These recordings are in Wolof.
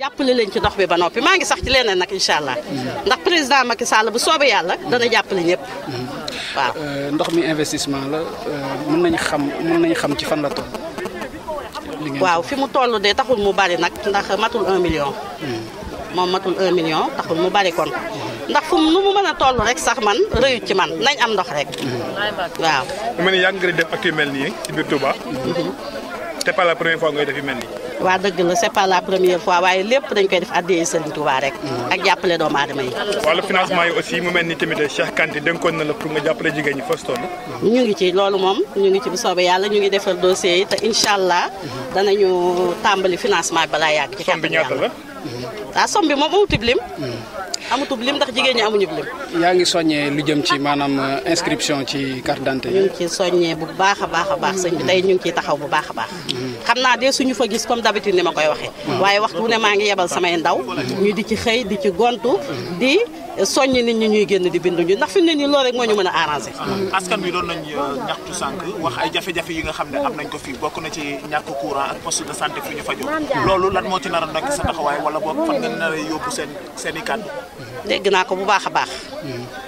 jàppale leen ci ndox bi ba noppi maa ngi sax ci leneen nag incha allah ndax président Macky Sall bu soobee yàlla dana jàppale ñëpp waaw. Euh, ndox mi investissement la euh, mën nañ xam mën nañ xam ci fan la toll. waaw fi mu toll de taxul mu bari nag ndax matul un million. Hmm. moom matul 1 million taxul mu bari kon. ndax fu mu nu mu mën a toll rek sax man rëyut ci man nañ am ndox rek. Hmm. waaw. mu mel ni yaa ngi def ak yu mel nii ci biir Touba. Mhm. te pas la première fois ngay def yu mel nii. waa dëgg la c'est pas la première fois waaye lépp dañ koy def addiyee Serigne Touba rek. ak jàppale doomu aadama yi. wàllu financement yi aussi mu mel ni tamit Cheikh Kanté dénkoon na la pour nga jàppale jigéen ñi fas ñu ngi ci loolu moom ñu ngi ci bu soobee yàlla ñu ngi defar dossier yi te incha dana ñu tàmbali financement balaa yàgg. ci kàttan la waaw ah, somme bi moom amutub lim. amutub lim ndax jigéen ñi amuñu lim. yaa ngi soññee lu jëm ci maanaam euh, inscription ci carte d'identité ñu ngi ciy soññee bu baax a baax a baax sëñ bi tey ñu ngi ciy taxaw bu baax a baax. Mm-hmm. xam naa de suñu fa gis comme d'habitude ni ma koy waxee. Mm-hmm. waaye waxtu wu ne maa ngi yebal samay ndaw. Mm-hmm. ñu di ci xëy di ci gontu. di soññ nit ñi ñuy génn di bindu ñu ndax fi ne nii loolu rek moo ñu mën a arrangé. askan bi doon nañ euh, ñaxtu sànq wax ay jafe-jafe yi nga xam ne am nañ ko fii bokk na ci ñàkk courant ak poste de loolu lan moo ci nar a nekk sa taxawaay wala boog a yóbbu seen dégg naa ko bu baax a baax.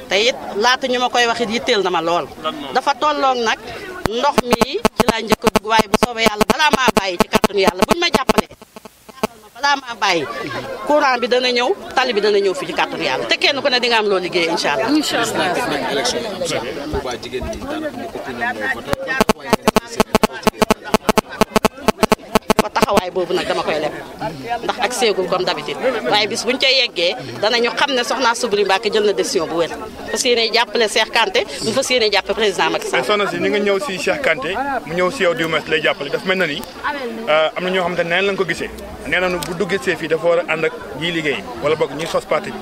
te it laata ñu ma koy wax it yitteel na ma lool. dafa tolloog nag. ndox mi ci laa njëkk a dugg waaye bu soobee yàlla balaa maa bàyyi ci kàttanu yàlla buñ ma jàppale. balaa maa bàyyi courant bi dana ñëw tali bi dana ñëw fii ci kàttanu yàlla te kenn ku ne di nga am loo liggéey incha allah. incha taxawaay boobu nag seegul comme d'habitude waaye bis buñ ca yeggee danañu xam ne soxna Soubry Mbacké jël na décision bu wér fas yéene jàppale Cheikh Kanté mu fas yéene jàppale président Macky Sall soxna si ni nga ñëw si Cheikh mu ñëw si yow di jàppale daf mel na ni euh, am na ñoo xam ne neen lañ ko gisee nee nañu bu duggee see fii dafa war a ànd ak liggéey wala boog ñiy sos parti bi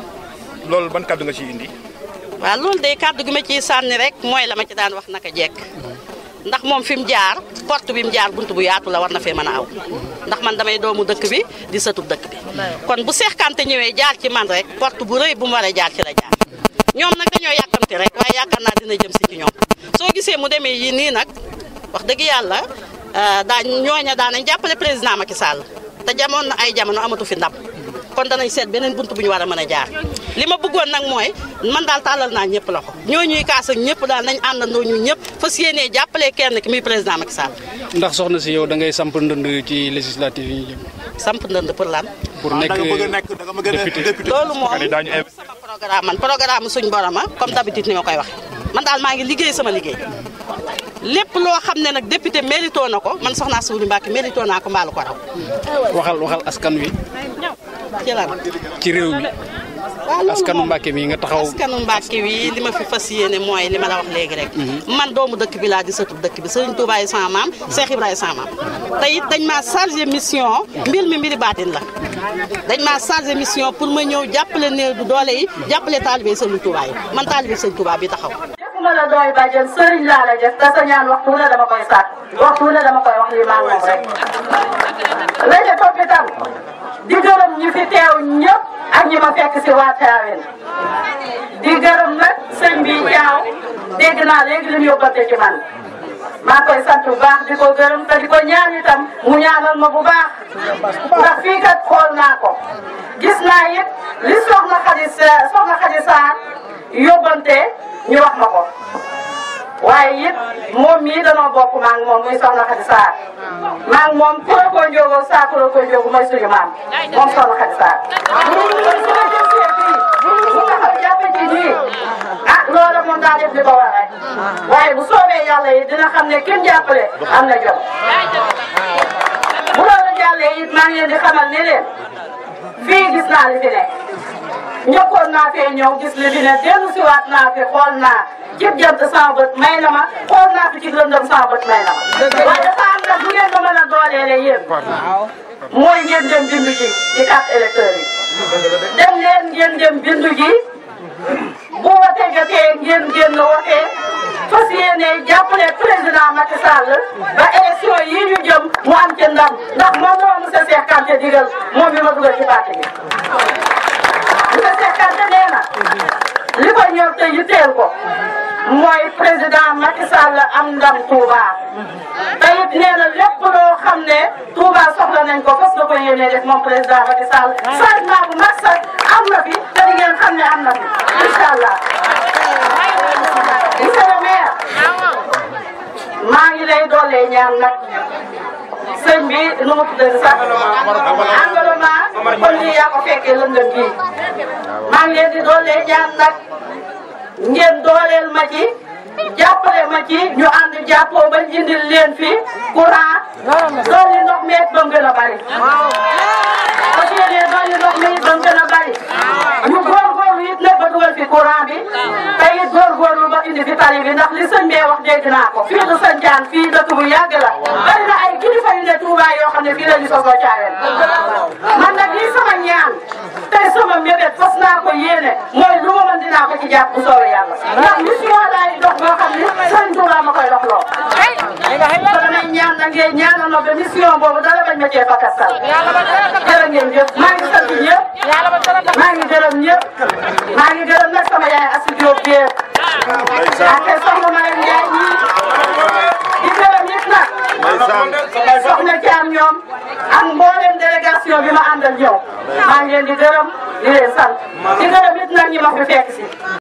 loolu ban kàddu nga ciy indi waaw loolu day kàddu gi ma ci sànni rek mooy la ma ci daan wax naka jekk ndax moom fi mu jaar porte bi mu jaar bunt bu yaatu la war na fee man a aw ndax man damay doomu dëkk bi di sëtub dëkk bi kon bu Seex Kanté ñëwee jaar ci man rek porte bu rëy bu mu waree jaar ci la jaar ñoom nag dañoo yàkkamte rek waaye yaakaar naa dina jëm si ci ñoom soo gisee mu demee yi nii nag wax dëgg yàlla euh, daa ñooña daanañ jàppale président Macky Sall te jamoon na ay jamono amatu fi ndam kon danañ seet beneen bunt bu ñu war a mën a jaar li ma bëggoon nag mooy man daal tàllal naa ñëpp loxo ñoo ñuy kaas ak ñëpp daal nañ àndandoo ñu ñëpp fas yéenee jàppale kenn ki muy président Macky Sall ndax soxna si yow da ngay samp ndënd ci législative yi ñu jëm samp ndënd pour lan pour nekk ah, député loolu moom sama programme man programme suñ boroma comme d'habitude ni ma koy wax man daal maa ngi liggéey sama liggéey lépp loo xam ne nag député mérito na ko man soxna Souli Mbacke mérito naa ko mbaalu ko raw waxal waxal askan wi ci lan ci réew mi. askanu Mbàkke mi nga taxaw askanu Mbàkke wi li ma fi fas yéene mooy li ma la wax léegi rek mhm. man doomu dëkk bi laa di sëtu dëkk bi Sëriñ Tuubaa yi sama maam Cheikh dañ maa chargé mission mbir mi mbiri baatin la dañ maa chargé mission pour ma ñëw jàppale néew du doole yi jàppale taalibe Sëriñ Tuubaa yi man taalibe Sëriñ Tuubaa bi taxaw nekkuma la doy bàjjen sëriñ laa la def te sa ñaan waxtu wu ne dama koy sàkk waxtu wu dama koy wax lii maa moom rek. léegi topp itam di gërëm ñi fi teew ñëpp ak ñi ma fekk si di gërëm nag sëñ bi Thiaw dégg naa léegi li mu yóbbante koy sant bu baax di ko gërëm di ko ñaan itam mu ñaanal ma bu baax ndax fii naa ko gis naa it li soxna Xadi mi wax ma ko waaye it moom mii danoo bokk maa ngi moom muy soxna Xadi Saar maa ngi moom koro ko njóogo saa koro ko njóogo mooy suñu maam moom soxna Xadi Saar ah loolu moom daa def li ko war rek waaye bu soobee yàlla yi dina xam ne kenn jàppale am na jom bu loolu jàllee it maa ngi leen di xamal ne leen fii gis naa li fi nekk njëkkoon naa fee ñëw gis li fi ne dellu si waat naa fi xool naa cib jant sama bët may na ma xool naa fi cib lëndëm sama may na ma. waaye dafa am nag bu ngeen ko mën a dooleelee yéen. mooy ngeen dem bindu ji ci carte électeur yi. dem leen ngeen dem bindu ji bu watee jotee ngeen génn watee fas yéene jàppale président Macky Sall ba élection yi ñu jëm mu am ci ndam ndax moom moo monsieur Cheikh Kanté digal moom mi ma dugal ci parti bi. am ndam Touba te it nee na loo xam ne Touba soxla nañ ko fas la ko yéenee def moom président Macky Sall changement bu mag am na fi te di ngeen xam ne am na fi incha allah. monsieur le ngi lay doolee ñaan nag sëñ nu mu tuddati sax engagement kon lii ko fekkee lëndëm bii maa ngi di doolee ñaan nag ngeen dooleel ma ci ñu ànd jàppoo ba indil leen fi courant dolli ndox mi it ba mu gën a bari. ba séenee dolli ndox mi it ba a dugal fi courant bi te it góorgóorlu ba indi fi tali bi ndax li sëñ bee wax dégg naa ko fii du sancaan fii dëkk bu yàgg la bari na ay kilifa yu ne Touba yoo xam ne fii la ñu soog a caareel. ko yéene mooy lu ma mën dinaa ko ci jàpp bu soobee yàlla ndax mission laay dox boo xam ni sëñ Tuubaa ma koy dox loo kon damay ñaan na ngeen ñaanal ma ba mission boobu dara bañ ma cee fakastal jërë ngeen jëf maa ngi sant ñëpp maa ngi gërëm ñëpp maa ngi gërëm nag sama yaay Asou Diop bi ak soxna Mariam Ndiaye ñii di gërëm ñëpp nag soxna Thiam ñoom ak mboolem délégation bi ma àndal ñëw maa ngi leen di gërëm di leen sant di gërëm it nag ñi ma fi fekk si.